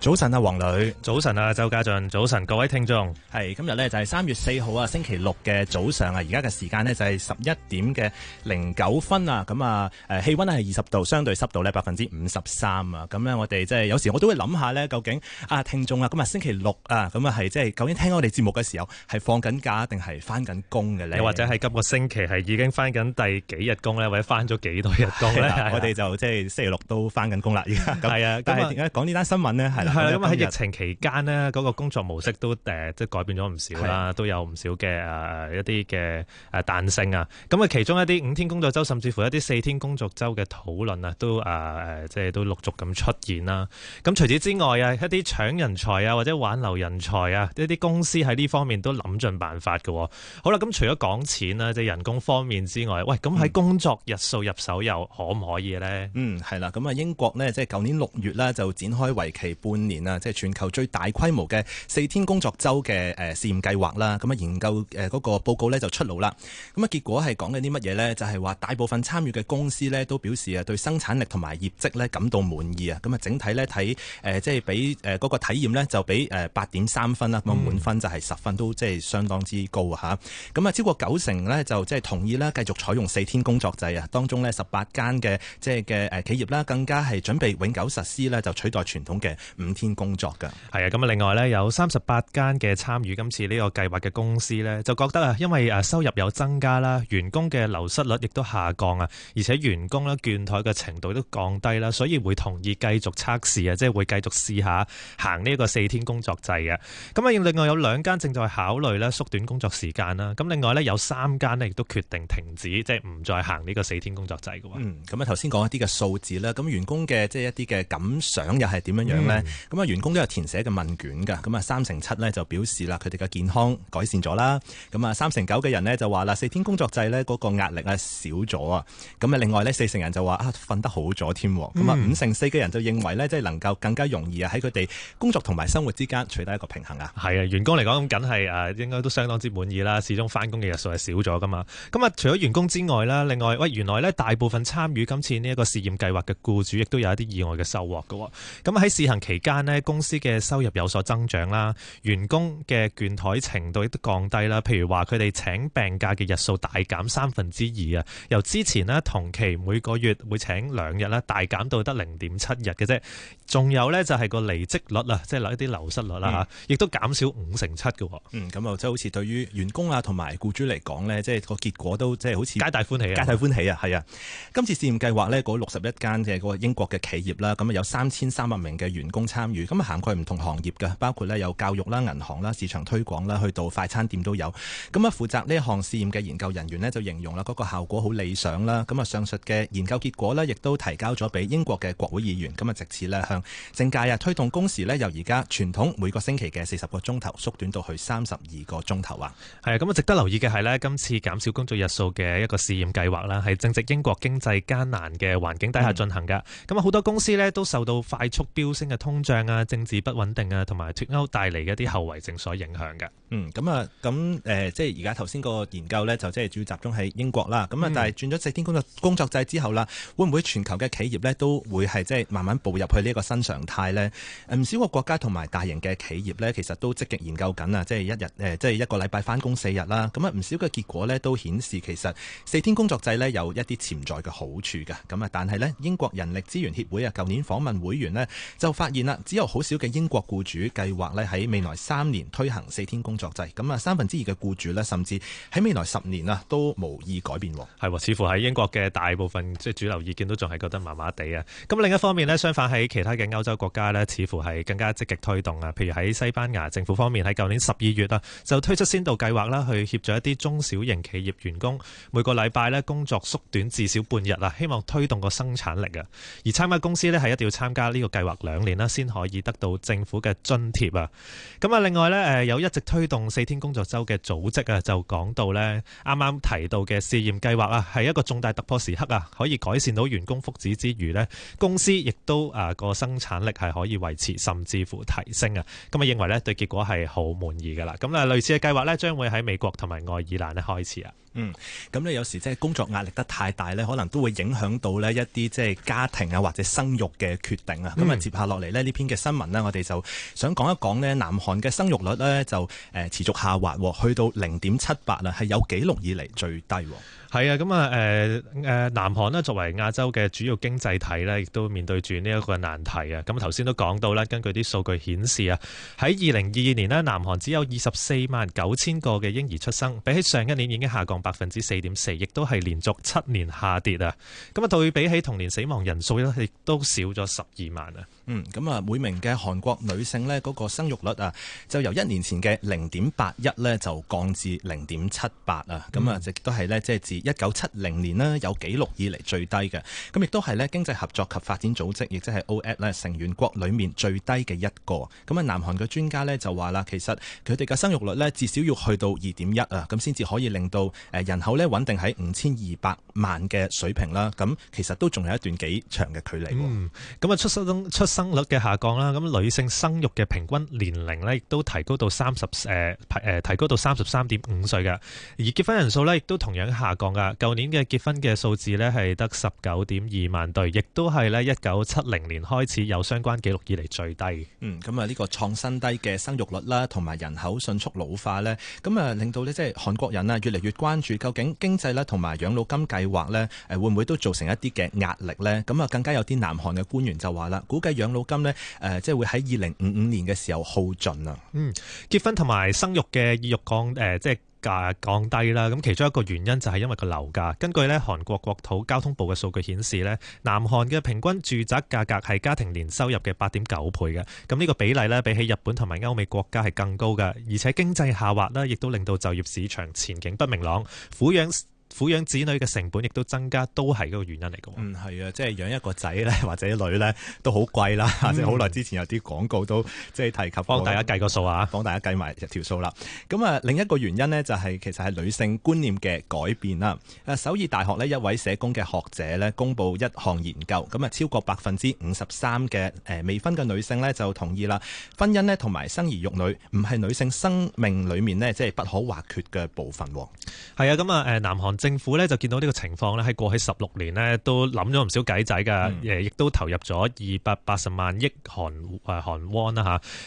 早晨啊，黃女。早晨啊，周家俊。早晨，各位聽眾。係今呢、就是、日咧就係三月四號啊，星期六嘅早上啊，而家嘅時間呢，就係十一點嘅零九分啊。咁啊，誒，氣溫係二十度，相對濕度咧百分之五十三啊。咁咧，我哋即係有時我都會諗下咧，究竟啊聽眾啊，今日星期六啊，咁啊係即係究竟聽我哋節目嘅時候係放緊假定係翻緊工嘅咧？又或者係今個星期係已經翻緊第幾日工咧，或者翻咗幾多日工咧？我哋就即係、就是、星期六都翻緊工啦，而家。係啊的，咁啊，的是講呢單新聞咧，係啦。咁喺疫情期間呢，嗰個工作模式都誒即係改變咗唔少啦，都有唔少嘅誒一啲嘅誒彈性啊。咁啊，其中一啲五天工作周，甚至乎一啲四天工作周嘅討論啊，都誒誒即係都陸續咁出現啦。咁除此之外啊，一啲搶人才啊，或者挽留人才啊，一啲公司喺呢方面都諗盡辦法㗎。好啦，咁除咗講錢啦，即係人工方面之外，喂，咁喺工作日數入手又可唔可以咧？嗯，係啦，咁啊英國呢，即係舊年六月咧就展開為期半年啊，即係全球最大規模嘅四天工作周嘅誒試驗計劃啦。咁啊，研究誒嗰個報告咧就出爐啦。咁啊，結果係講緊啲乜嘢咧？就係話大部分參與嘅公司咧都表示啊，對生產力同埋業績咧感到滿意啊。咁啊，整體咧睇誒，即係俾誒嗰個體驗咧就俾誒八點三分啦。咁滿分就係十分，都即係相當之高嚇。咁啊，超過九成咧就即係同意啦，繼續採用四天工作制啊。當中呢，十八間嘅即係嘅誒企業啦，更加係準備永久實施咧，就取代傳統嘅四天工作噶，係啊！咁啊，另外咧有三十八間嘅參與今次呢個計劃嘅公司咧，就覺得啊，因為誒收入有增加啦，員工嘅流失率亦都下降啊，而且員工咧倦怠嘅程度都降低啦，所以會同意繼續測試啊，即係會繼續試下行呢個四天工作制啊。咁啊，另外有兩間正在考慮咧縮短工作時間啦。咁另外咧有三間咧亦都決定停止，即係唔再行呢個四天工作制嘅。嗯，咁啊，頭先講一啲嘅數字啦，咁員工嘅即係一啲嘅感想又係點樣樣咧？嗯咁啊，員工都有填寫嘅問卷㗎，咁啊，三成七咧就表示啦，佢哋嘅健康改善咗啦。咁啊，三成九嘅人呢就話啦，四天工作制呢嗰個壓力啊少咗啊。咁啊，另外呢，四成人就話啊，瞓得好咗添。咁啊，五成四嘅人就認為呢，即係能夠更加容易啊喺佢哋工作同埋生活之間取得一個平衡啊。係啊，員工嚟講咁梗係誒，應該都相當之滿意啦。始終返工嘅日數係少咗㗎嘛。咁啊，除咗員工之外啦，另外喂，原來呢大部分參與今次呢一個試驗計劃嘅僱主亦都有一啲意外嘅收穫㗎。咁喺試行期間，間咧公司嘅收入有所增長啦，員工嘅倦怠程度亦都降低啦。譬如話佢哋請病假嘅日數大減三分之二啊，由之前咧同期每個月會請兩日啦，大減到得零點七日嘅啫。仲有呢，就係個離職率啊，即係嗱一啲流失率啦嚇，亦都減少五成七嘅。嗯，咁啊即係好似對於員工啊同埋僱主嚟講呢，即係個結果都即係好似皆大歡喜啊！皆大歡喜啊！係啊！今次試驗計劃呢，嗰六十一間嘅嗰個英國嘅企業啦，咁啊有三千三百名嘅員工咁啊涵蓋唔同行業㗎，包括咧有教育啦、銀行啦、市場推廣啦，去到快餐店都有。咁啊負責呢項試驗嘅研究人員呢，就形容啦嗰個效果好理想啦。咁啊上述嘅研究結果呢，亦都提交咗俾英國嘅國會議員。咁啊藉此呢向政界啊推動工時呢，由而家傳統每個星期嘅四十個鐘頭縮短到去三十二個鐘頭啊。係啊，咁啊值得留意嘅係呢，今次減少工作日數嘅一個試驗計劃啦，係正值英國經濟艱難嘅環境底下進行㗎。咁啊好多公司呢，都受到快速飆升嘅通。啊，政治不穩定啊，同埋脫歐帶嚟嘅一啲後遺症所影響嘅。嗯，咁、嗯、啊，咁誒、呃，即係而家頭先個研究呢，就即係主要集中喺英國啦。咁啊，但係轉咗四天工作工作制之後啦，會唔會全球嘅企業呢，都會係即係慢慢步入去呢個新常態呢？唔少個國家同埋大型嘅企業呢，其實都積極研究緊啊！即係一日、呃、即係一個禮拜返工四日啦。咁啊，唔少嘅結果呢，都顯示其實四天工作制呢，有一啲潛在嘅好處㗎。咁啊，但係呢，英國人力資源協會啊，舊年訪問會員呢，就發現啦，只有好少嘅英國僱主計劃呢，喺未來三年推行四天工作。咁啊，三分之二嘅雇主呢，甚至喺未來十年啊，都無意改變喎。係喎，似乎喺英國嘅大部分即係主流意見都仲係覺得麻麻地啊。咁另一方面呢，相反喺其他嘅歐洲國家呢，似乎係更加積極推動啊。譬如喺西班牙政府方面，喺舊年十二月啊，就推出先導計劃啦，去協助一啲中小型企業員工每個禮拜呢，工作縮短至少半日啊，希望推動個生產力啊。而參加公司呢，係一定要參加呢個計劃兩年啦，先可以得到政府嘅津貼啊。咁啊，另外呢，誒有一直推。動四天工作周嘅組織啊，就講到呢啱啱提到嘅試驗計劃啊，係一個重大突破時刻啊，可以改善到員工福祉之餘呢，公司亦都啊個生產力係可以維持甚至乎提升啊，咁啊認為呢，對結果係好滿意噶啦，咁啊類似嘅計劃呢，將會喺美國同埋愛爾蘭呢開始啊。嗯，咁咧有時即係工作壓力得太大咧，可能都會影響到咧一啲即係家庭啊或者生育嘅決定啊。咁啊、嗯，接下落嚟呢呢篇嘅新聞咧，我哋就想講一講咧，南韓嘅生育率咧就誒持續下滑，去到零點七八啦，係有紀錄以嚟最低。係啊，咁啊，誒誒，南韓作為亞洲嘅主要經濟體呢，亦都面對住呢一個難題啊。咁頭先都講到啦，根據啲數據顯示啊，喺二零二二年呢，南韓只有二十四萬九千個嘅嬰兒出生，比起上一年已經下降百分之四點四，亦都係連續七年下跌啊。咁啊，對比起同年死亡人數呢，亦都少咗十二萬啊。嗯，咁啊，每名嘅韓國女性呢，嗰個生育率啊，就由一年前嘅零點八一呢，就降至零點七八啊。咁啊，亦都係呢，即係自一九七零年呢，有紀錄以嚟最低嘅，咁亦都係咧經濟合作及發展組織，亦即係 OECD 成員國裏面最低嘅一個。咁啊，南韓嘅專家咧就話啦，其實佢哋嘅生育率呢，至少要去到二點一啊，咁先至可以令到誒人口咧穩定喺五千二百萬嘅水平啦。咁其實都仲有一段幾長嘅距離。嗯，咁啊，出生出生率嘅下降啦，咁女性生育嘅平均年齡呢，亦都提高到三十誒提高到三十三點五歲嘅，而結婚人數呢，亦都同樣下降。噶，舊年嘅結婚嘅數字呢，係得十九點二萬對，亦都係呢一九七零年開始有相關記錄以嚟最低。嗯，咁啊呢個創新低嘅生育率啦，同埋人口迅速老化呢，咁啊令到呢，即係韓國人啊越嚟越關注究竟經濟啦，同埋養老金計劃呢，誒會唔會都造成一啲嘅壓力呢？咁啊更加有啲南韓嘅官員就話啦，估計養老金呢，誒即係會喺二零五五年嘅時候耗盡啊。嗯，結婚同埋生育嘅意欲降誒即係價降低啦，咁其中一個原因就係因為個樓價。根據呢，韓國國土交通部嘅數據顯示呢，南韓嘅平均住宅價格係家庭年收入嘅八點九倍嘅，咁、這、呢個比例呢，比起日本同埋歐美國家係更高嘅，而且經濟下滑呢，亦都令到就業市場前景不明朗，撫養。撫養子女嘅成本亦都增加，都係嗰個原因嚟嘅。嗯，係啊，即係養一個仔咧或者女咧都好貴啦。嗯、即係好耐之前有啲廣告都即係提及，幫大家計個數啊，幫大家計埋條數啦。咁啊，另一個原因呢、就係，就係其實係女性觀念嘅改變啦。誒，首爾大學呢一位社工嘅學者呢，公佈一項研究，咁啊超過百分之五十三嘅誒未婚嘅女性呢，就同意啦，婚姻呢，同埋生兒育女唔係女性生命裡面呢，即係不可或缺嘅部分。係啊，咁啊誒南韓。政府咧就見到呢個情況咧，喺過去十六年呢都諗咗唔少計仔㗎，亦都投入咗二百八十萬億韓誒韓元啦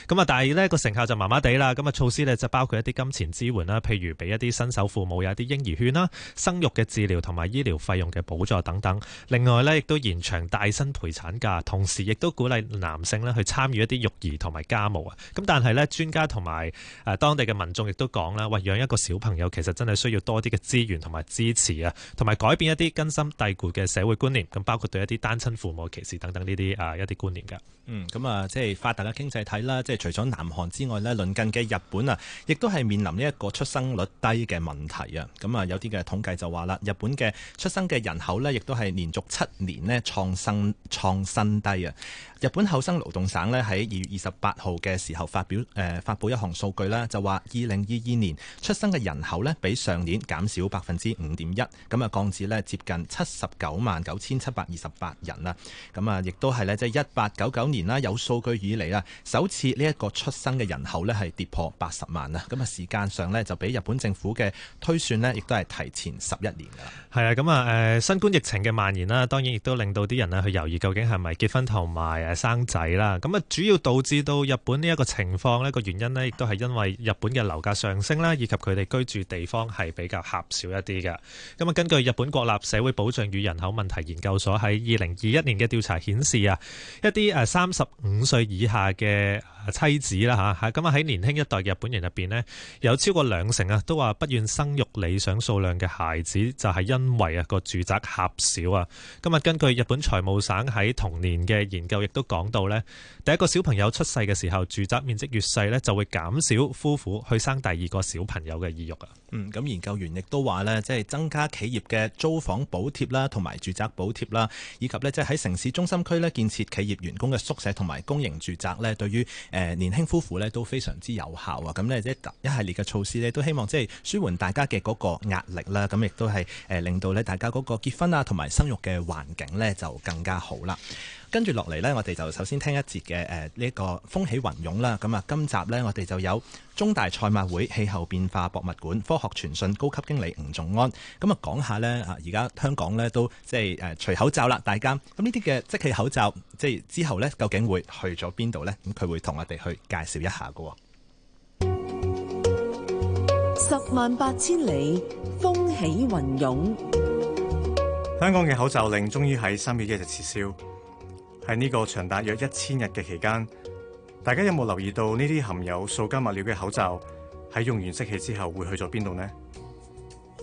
吓。咁啊，但係呢個成效就麻麻地啦。咁啊，措施呢就包括一啲金錢支援啦，譬如俾一啲新手父母有一啲嬰兒券啦、生育嘅治療同埋醫療費用嘅補助等等。另外呢，亦都延長帶薪陪產假，同時亦都鼓勵男性呢去參與一啲育兒同埋家務啊。咁但係呢，專家同埋誒當地嘅民眾亦都講啦，喂，養一個小朋友其實真係需要多啲嘅資源同埋支持啊，同埋改變一啲根深蒂固嘅社會觀念，咁包括對一啲單親父母歧視等等呢啲啊一啲觀念嘅。嗯，咁啊，即係發達嘅經濟體啦，即係除咗南韓之外呢，鄰近嘅日本啊，亦都係面臨呢一個出生率低嘅問題啊。咁啊，有啲嘅統計就話啦，日本嘅出生嘅人口呢，亦都係連續七年呢創新創新低啊。日本厚生勞動省呢，喺二月二十八號嘅時候發表誒、呃、發佈一項數據啦，就話二零二二年出生嘅人口呢，比上年減少百分之五。點一咁啊，降至呢接近七十九萬九千七百二十八人啦。咁啊，亦都係呢，即係一八九九年啦，有數據以嚟啦，首次呢一個出生嘅人口呢，係跌破八十萬啦。咁啊，時間上呢，就比日本政府嘅推算呢，亦都係提前十一年噶。係啊，咁啊誒新冠疫情嘅蔓延啦，當然亦都令到啲人咧，去猶豫究竟係咪結婚同埋生仔啦。咁啊，主要導致到日本呢一個情況呢，個原因呢，亦都係因為日本嘅樓價上升啦，以及佢哋居住地方係比較狹小一啲嘅。咁啊，根據日本國立社會保障與人口問題研究所喺二零二一年嘅調查顯示啊，一啲誒三十五歲以下嘅妻子啦吓，咁啊喺年輕一代嘅日本人入邊咧，有超過兩成啊都話不願生育理想數量嘅孩子，就係因為啊個住宅狹小啊。今日根據日本財務省喺同年嘅研究，亦都講到咧，第一個小朋友出世嘅時候，住宅面積越細咧，就會減少夫婦去生第二個小朋友嘅意欲啊。嗯，咁研究員亦都話咧，即係增加企業嘅租房補貼啦，同埋住宅補貼啦，以及咧即係喺城市中心區咧建設企業員工嘅宿舍同埋公營住宅咧，對於。誒年輕夫婦咧都非常之有效啊！咁咧即係一系列嘅措施咧，都希望即係舒緩大家嘅嗰個壓力啦。咁亦都係誒令到咧大家嗰個結婚啊同埋生育嘅環境咧就更加好啦。跟住落嚟咧，我哋就首先聽一節嘅誒呢一個風起雲湧」啦。咁啊，今集呢，我哋就有中大賽馬會氣候變化博物館科學傳訊高級經理吳頌安，咁啊講下呢，啊，而家香港咧都即係誒除口罩啦，大家咁呢啲嘅即棄口罩，即係之後呢，究竟會去咗邊度呢？咁佢會同我哋去介紹一下嘅。「十萬八千里風起雲湧」香港嘅口罩令終於喺三月一日撤銷。喺呢個長達約一千日嘅期間，大家有冇留意到呢啲含有塑膠物料嘅口罩喺用完釋氣之後會去咗邊度呢？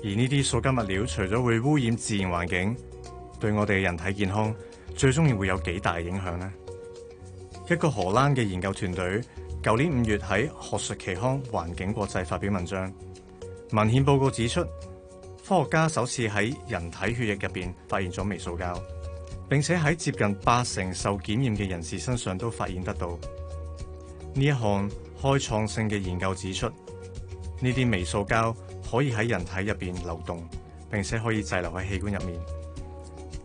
而呢啲塑膠物料除咗會污染自然環境，對我哋嘅人體健康最終亦會有幾大影響呢？一個荷蘭嘅研究團隊舊年五月喺《學術期刊環境國際》發表文章，文獻報告指出，科學家首次喺人體血液入面發現咗微塑膠。並且喺接近八成受檢驗嘅人士身上都發現得到。呢一項開創性嘅研究指出，呢啲微塑膠可以喺人體入面流動，並且可以滯留喺器官入面。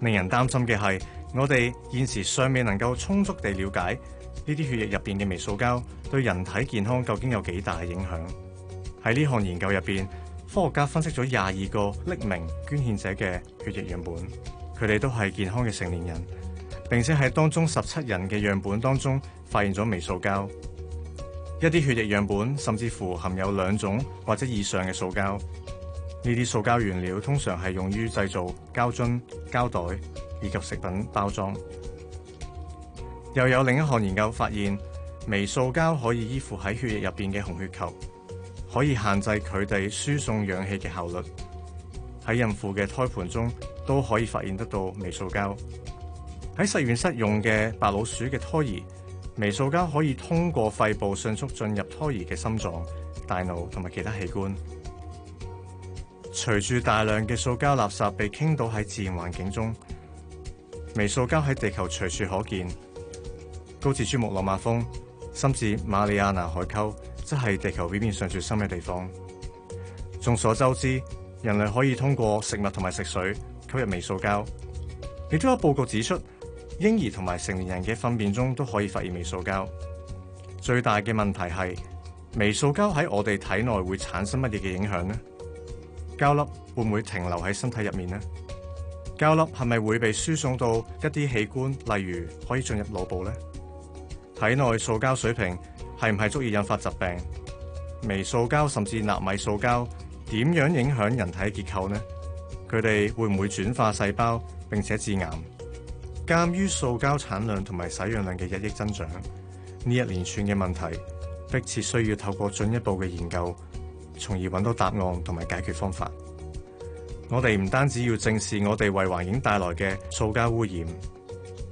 令人擔心嘅係，我哋現時尚未能夠充足地了解呢啲血液入面嘅微塑膠對人體健康究竟有幾大影響。喺呢項研究入面，科學家分析咗廿二個匿名捐獻者嘅血液樣本。佢哋都係健康嘅成年人，並且喺當中十七人嘅樣本當中發現咗微塑膠，一啲血液樣本甚至乎含有兩種或者以上嘅塑膠。呢啲塑膠原料通常係用於製造膠樽、膠袋以及食品包裝。又有另一項研究發現，微塑膠可以依附喺血液入邊嘅紅血球，可以限制佢哋輸送氧氣嘅效率。喺孕婦嘅胎盤中都可以發現得到微塑膠。喺實驗室用嘅白老鼠嘅胎兒，微塑膠可以通過肺部迅速進入胎兒嘅心臟、大腦同埋其他器官。隨住大量嘅塑膠垃圾被傾倒喺自然環境中，微塑膠喺地球隨處可見。高至珠穆朗瑪峰，甚至馬里亞納海溝，則係地球表面上最深嘅地方。眾所周知。人類可以通過食物同埋食水吸入微塑膠。亦都有報告指出，嬰兒同埋成年人嘅糞便中都可以發現微塑膠。最大嘅問題係微塑膠喺我哋體內會產生乜嘢嘅影響呢？膠粒會唔會停留喺身體入面呢？膠粒係咪會被輸送到一啲器官，例如可以進入腦部呢？體內塑膠水平係唔係足以引發疾病？微塑膠甚至納米塑膠。點樣影響人體結構呢？佢哋會唔會轉化細胞，並且致癌？鑑於塑膠產量同埋使用量嘅日益增長，呢一連串嘅問題，迫切需要透過進一步嘅研究，從而揾到答案同埋解決方法。我哋唔單止要正視我哋為環境帶來嘅塑膠污染，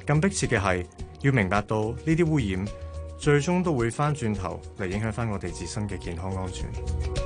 更迫切嘅係要明白到呢啲污染最終都會翻轉頭嚟影響翻我哋自身嘅健康安全。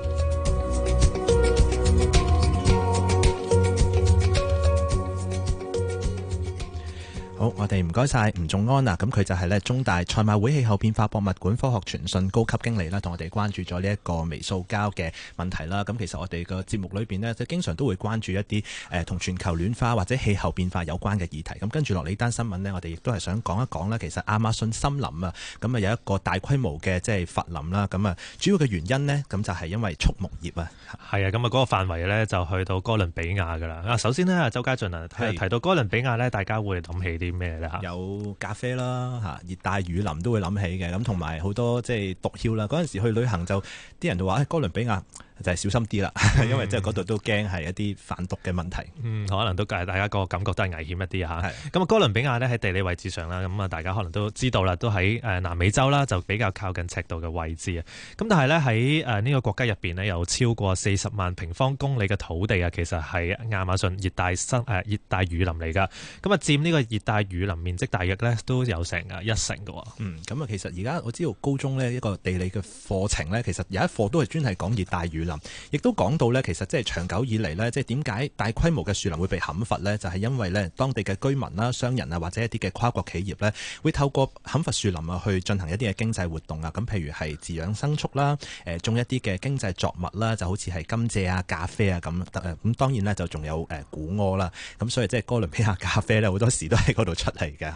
我哋唔該晒吳頌安啊，咁佢就係咧中大賽馬會氣候變化博物館科學傳訊高級經理啦，同我哋關注咗呢一個微塑膠嘅問題啦。咁其實我哋個節目裏邊呢，就經常都會關注一啲誒同全球暖化或者氣候變化有關嘅議題。咁跟住落嚟呢單新聞呢，我哋亦都係想講一講啦。其實亞馬遜森林啊，咁啊有一個大規模嘅即係伐林啦。咁啊主要嘅原因呢，咁就係因為畜牧業啊。係啊，咁啊嗰個範圍咧就去到哥倫比亞噶啦。首先呢，周家俊啊，提到哥倫比亞呢，大家會諗起啲咩？有咖啡啦，嚇熱帶雨林都會諗起嘅，咁同埋好多即係毒梟啦。嗰陣時去旅行就啲人就話，誒、哎、哥倫比亞。就係小心啲啦，因為即係嗰度都驚係一啲販毒嘅問題。嗯、可能都大家個感覺都係危險一啲嚇。咁啊的，哥倫比亞呢喺地理位置上啦，咁啊大家可能都知道啦，都喺誒南美洲啦，就比較靠近赤道嘅位置啊。咁但係呢，喺誒呢個國家入邊呢，有超過四十萬平方公里嘅土地啊，其實係亞馬遜熱帶森誒、啊、熱帶雨林嚟㗎。咁啊，佔呢個熱帶雨林面積大約呢都有成啊一成㗎喎。咁啊、嗯、其實而家我知道高中呢一個地理嘅課程呢，其實有一課都係專係講熱帶雨。亦都講到呢，其實即係長久以嚟呢，即係點解大規模嘅樹林會被砍伐呢？就係因為呢，當地嘅居民啦、商人啊，或者一啲嘅跨國企業呢，會透過砍伐樹林啊去進行一啲嘅經濟活動啊。咁譬如係飼養牲畜啦，誒種一啲嘅經濟作物啦，就好似係甘蔗啊、咖啡啊咁。誒咁當然呢，就仲有古柯啦。咁所以即係哥倫比亞咖啡呢，好多時都喺嗰度出嚟嘅。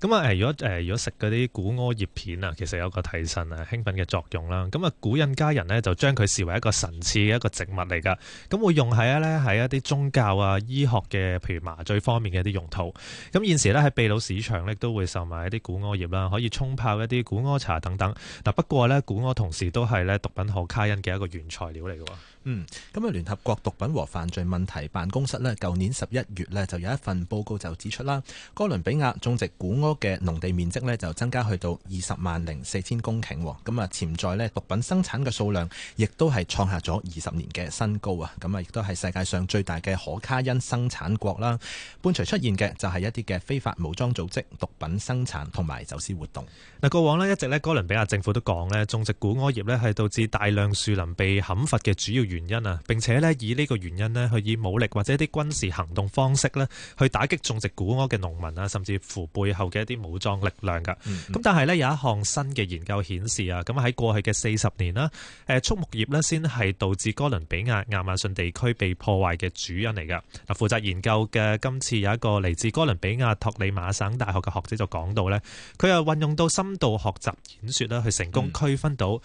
咁啊，如果如果食嗰啲古柯葉片啊，其實有個提神啊、興奮嘅作用啦。咁啊，古印加人呢，就將佢視為一個神似嘅一個植物嚟㗎，咁會用喺呢喺一啲宗教啊、醫學嘅，譬如麻醉方面嘅一啲用途。咁現時呢，喺秘魯市場呢，都會售賣一啲古柯葉啦，可以沖泡一啲古柯茶等等。嗱不過呢，古柯同時都係呢毒品可卡因嘅一個原材料嚟㗎。嗯，咁啊聯合國毒品和犯罪問題辦公室呢，舊年十一月呢，就有一份報告就指出啦，哥倫比亞種植古柯嘅農地面積呢，就增加去到二十萬零四千公頃喎。咁啊潛在咧毒品生產嘅數量亦都係創下咗二十年嘅新高啊！咁啊，亦都係世界上最大嘅可卡因生產國啦。伴隨出現嘅就係一啲嘅非法武裝組織、毒品生產同埋走私活動。嗱，過往咧一直咧哥倫比亞政府都講咧，種植古柯葉咧係導致大量樹林被砍伐嘅主要原因啊，並且咧以呢個原因咧去以武力或者一啲軍事行動方式咧去打擊種植古柯嘅農民啊，甚至乎背後嘅一啲武裝力量噶。咁、嗯嗯、但係咧有一項新嘅研究顯示啊，咁喺過去嘅四十年啦，誒，畜牧業咧先。係導致哥倫比亞亞馬遜地區被破壞嘅主因嚟㗎。嗱，負責研究嘅今次有一個嚟自哥倫比亞托利馬省大學嘅學者就講到呢佢又運用到深度學習演說啦，去成功區分到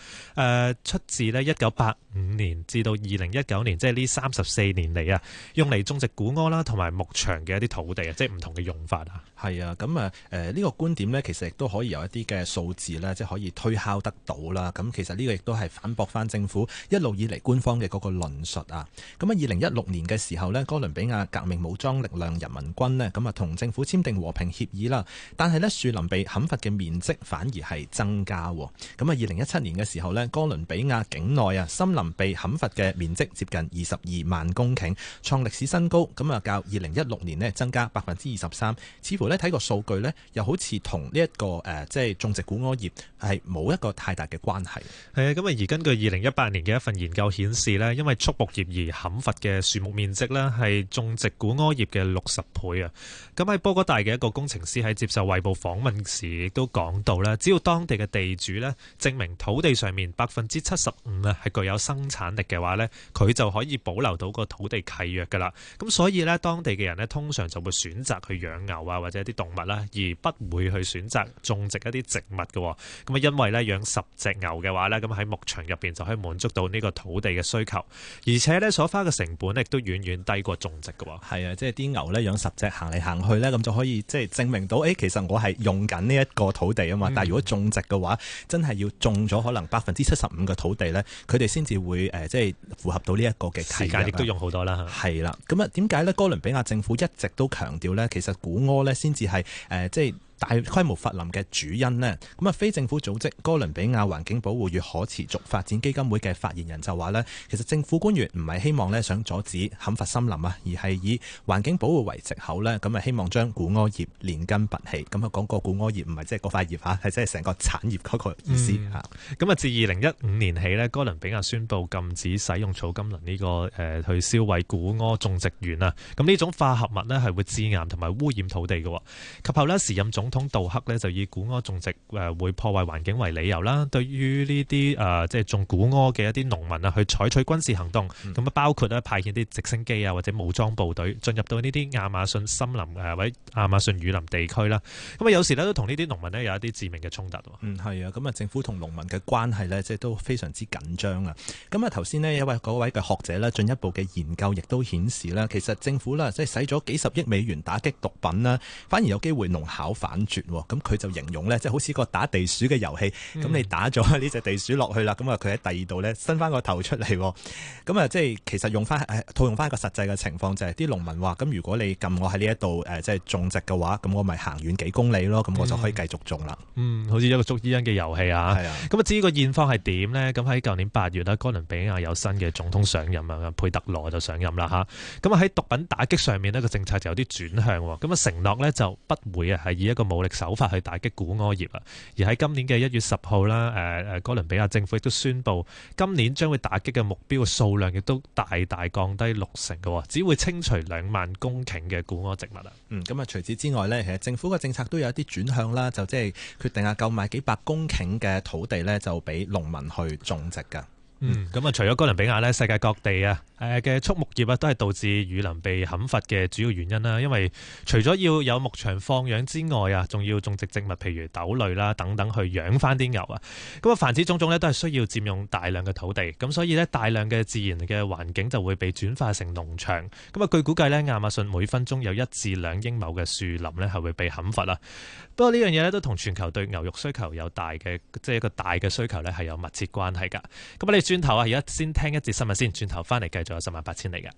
出自呢一九八五年至到二零一九年，即係呢三十四年嚟啊，用嚟種植古柯啦同埋牧場嘅一啲土地啊，即係唔同嘅用法啊。係啊，咁啊，誒呢個觀點呢，其實亦都可以有一啲嘅數字呢，即係可以推敲得到啦。咁其實呢個亦都係反駁翻政府一路以嚟官方嘅嗰個論述啊。咁啊，二零一六年嘅時候呢，哥倫比亞革命武裝力量人民軍呢，咁啊同政府簽訂和平協議啦，但係呢，樹林被砍伐嘅面積反而係增加。咁啊，二零一七年嘅時候呢，哥倫比亞境內啊森林被砍伐嘅面積接近二十二萬公頃，創歷史新高。咁啊，較二零一六年呢，增加百分之二十三，似乎。你睇個數據呢，又好似同呢一個、呃、即係種植古柯葉係冇一個太大嘅關係。係啊，咁啊，而根據二零一八年嘅一份研究顯示呢，因為畜牧業而砍伐嘅樹木面積呢，係種植古柯葉嘅六十倍啊。咁喺波哥大嘅一個工程師喺接受衛報訪問時，亦都講到啦，只要當地嘅地主呢，證明土地上面百分之七十五啊係具有生產力嘅話呢，佢就可以保留到個土地契約噶啦。咁所以呢，當地嘅人呢通常就會選擇去養牛啊，或者一啲動物啦，而不會去選擇種植一啲植物嘅。咁啊，因為咧養十隻牛嘅話咧，咁喺牧場入邊就可以滿足到呢個土地嘅需求，而且咧所花嘅成本亦都遠遠低過種植嘅。係啊，即係啲牛咧養十隻行嚟行去咧，咁就可以即係證明到，誒、欸、其實我係用緊呢一個土地啊嘛。但係如果種植嘅話，嗯、真係要種咗可能百分之七十五嘅土地咧，佢哋先至會、呃、即係符合到呢一個嘅時間，亦都用好多啦。係啦，咁啊點解咧？哥倫比亞政府一直都強調咧，其實古柯咧先。先至係誒，即係大規模伐林嘅主因呢？咁啊非政府組織哥倫比亞環境保護與可持續發展基金會嘅發言人就話呢，其實政府官員唔係希望呢想阻止砍伐森林啊，而係以環境保護為藉口呢。咁啊希望將古柯葉連根拔起。咁啊講個古柯葉唔係即係嗰塊葉啊，係即係成個產業嗰個意思嚇。咁啊、嗯、自二零一五年起呢，哥倫比亞宣布禁止使用草甘膦呢個誒去銷毀古柯種植園啊。咁呢種化合物呢，係會致癌同埋污染土地嘅。及後呢時任總通道克呢就以古柯種植會破壞環境為理由啦。對於呢啲誒即係種古柯嘅一啲農民啊，去採取軍事行動，咁啊，包括咧派遣啲直升機啊，或者武裝部隊進入到呢啲亞馬遜森林誒或者亞馬遜雨林地區啦。咁啊，有時咧都同呢啲農民咧有一啲致命嘅衝突。嗯，係啊，咁啊，政府同農民嘅關係咧，即係都非常之緊張啊。咁啊，頭先呢一位嗰位嘅學者咧進一步嘅研究亦都顯示啦，其實政府啦即係使咗幾十億美元打擊毒品啦，反而有機會弄巧反。咁佢就形容呢，即係好似個打地鼠嘅遊戲，咁，嗯，你打咗呢隻地鼠落去啦，咁啊佢喺第二度呢，伸翻個頭出嚟，咁啊即係其實用翻套用翻一個實際嘅情況，就係啲農民話，咁如果你撳我喺呢一度誒，即係種植嘅話，咁我咪行遠幾公里咯，咁我就可以繼續種啦。嗯，好似一個捉依因嘅遊戲啊。咁啊至於個現況係點呢？咁喺舊年八月咧，哥倫比亞有新嘅總統上任啊，佩特羅就上任啦吓。咁啊喺毒品打擊上面呢，個政策就有啲轉向，咁啊承諾呢，就不會啊係以一個。武力手法去打擊古柯葉啦，而喺今年嘅一月十號啦，誒誒，哥倫比亞政府亦都宣布，今年將會打擊嘅目標嘅數量亦都大大降低六成㗎，只會清除兩萬公頃嘅古柯植物啊。嗯，咁啊，除此之外咧，其實政府嘅政策都有一啲轉向啦，就即係決定啊，購買幾百公頃嘅土地咧，就俾農民去種植噶。嗯，咁啊，除咗哥倫比亞呢，世界各地啊，誒嘅畜牧業啊，都係導致雨林被砍伐嘅主要原因啦。因為除咗要有牧場放養之外啊，仲要種植植物，譬如豆類啦等等，去養翻啲牛啊。咁啊，凡此種種呢，都係需要佔用大量嘅土地。咁所以呢，大量嘅自然嘅環境就會被轉化成農場。咁啊，據估計呢，亞馬遜每分鐘有一至兩英畝嘅樹林呢，係會被砍伐啦。不過呢樣嘢咧都同全球對牛肉需求有大嘅，即係一個大嘅需求咧係有密切關係㗎。咁我哋轉頭啊，而家先聽一節新聞先，轉頭翻嚟繼續有十萬八千里嘅。